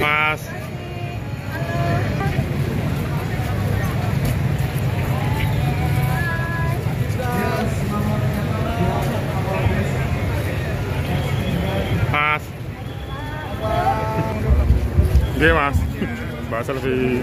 Mas. Mas. Dia mas. Bahasa lebih.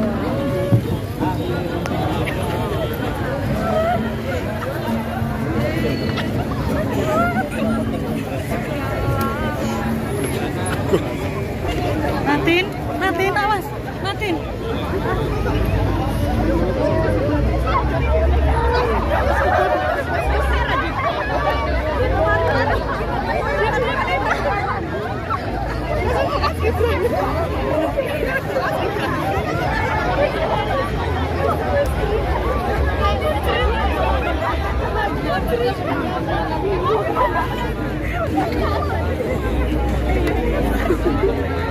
natin. Thank you.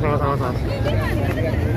sama sama sama sama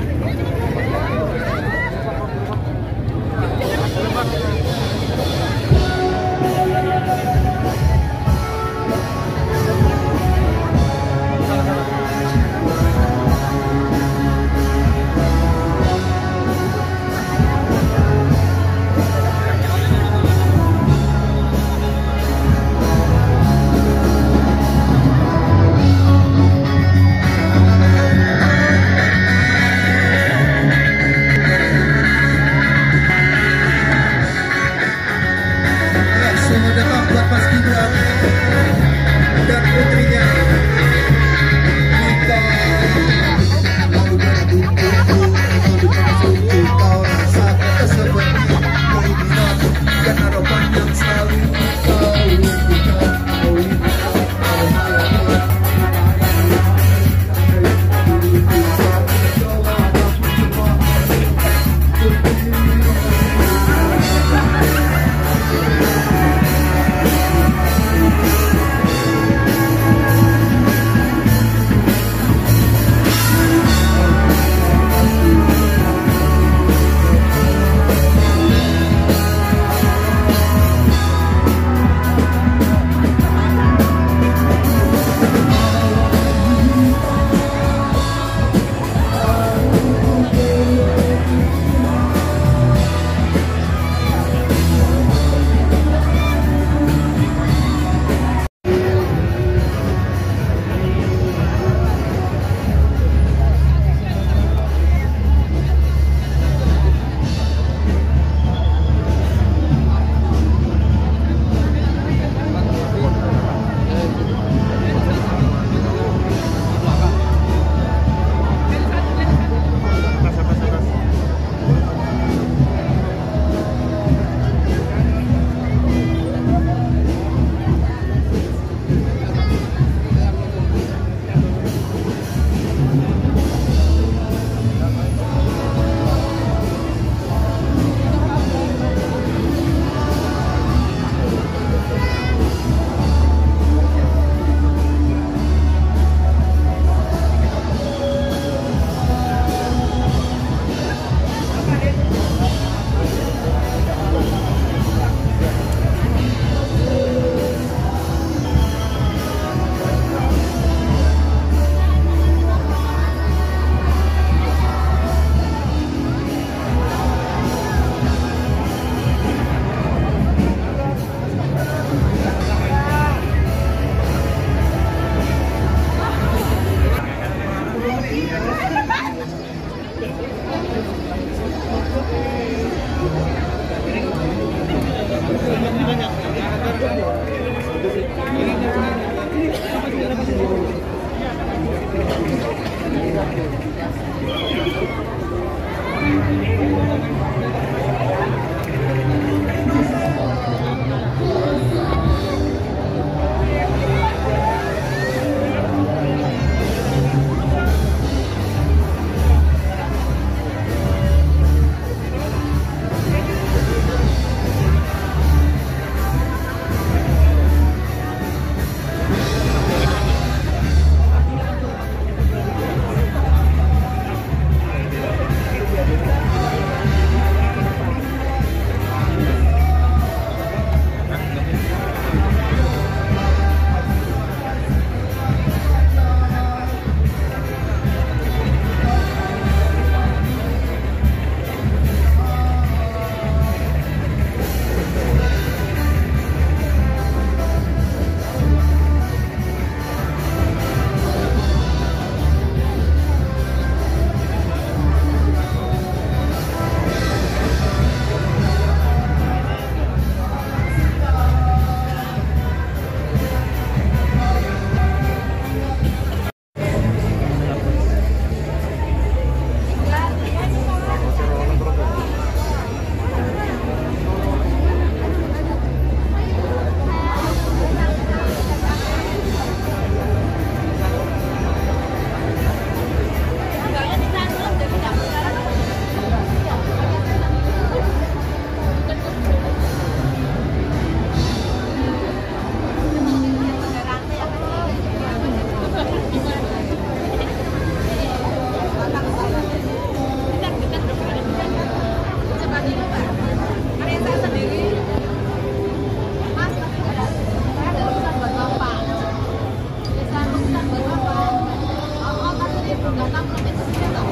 orang-orang protes tidak tahu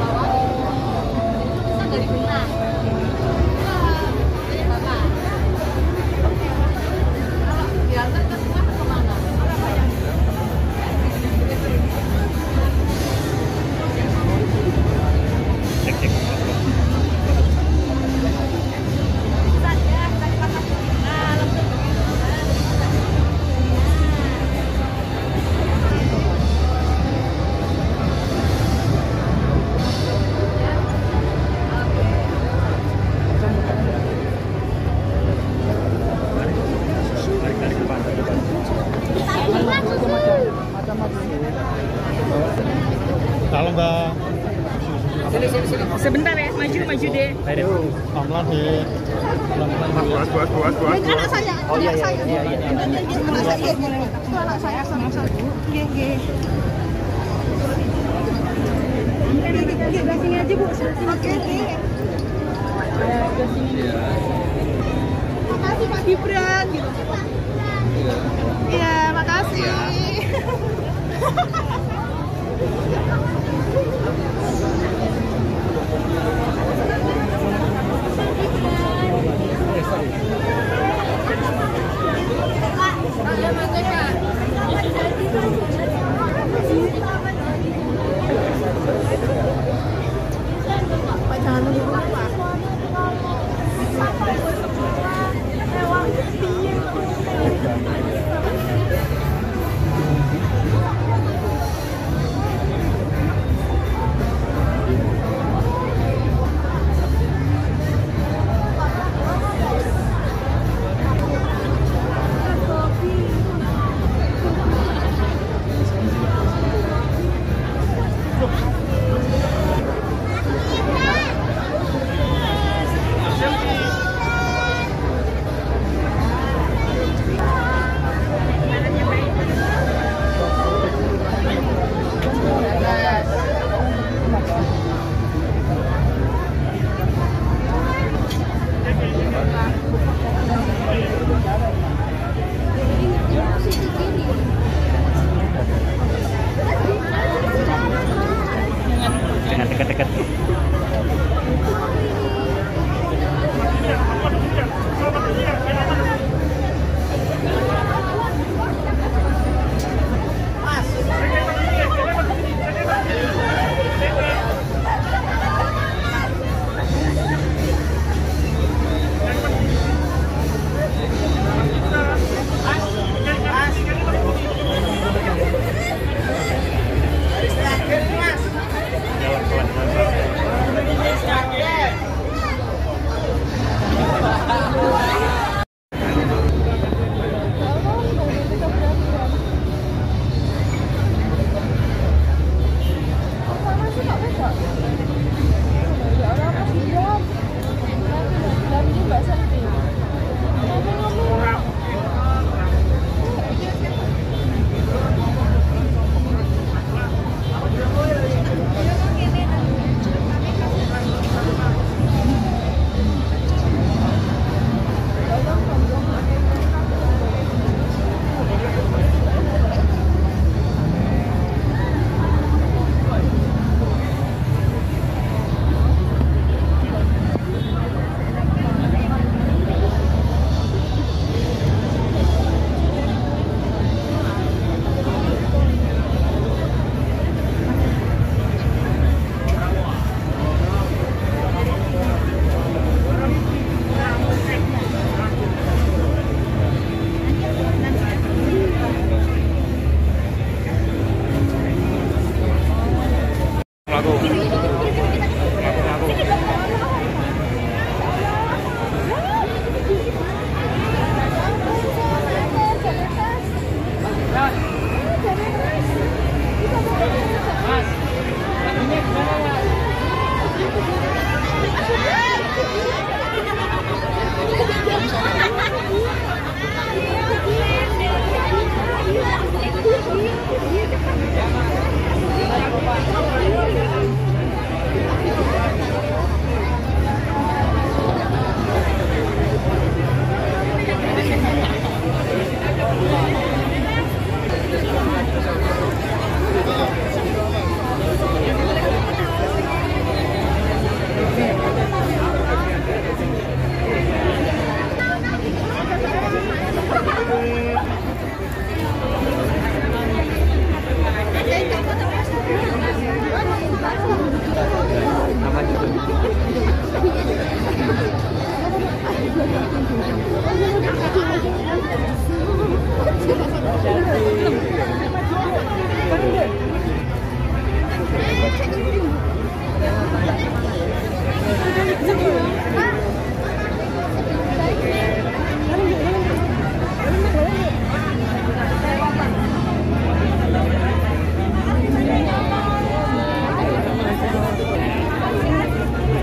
itu tulisan dari aja bu oke sih makasih Pak Gibran gitu iya, iya makasih Pak, ya Pak.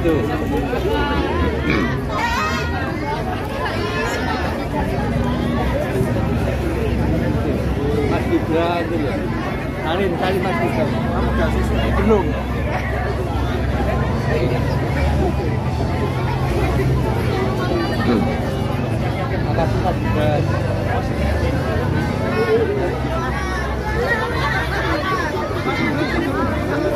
itu Mas Gibran itu loh Salin, salin Mas Gibran Kamu gak sih? Eh, belum Makasih Mas Gibran Thank you.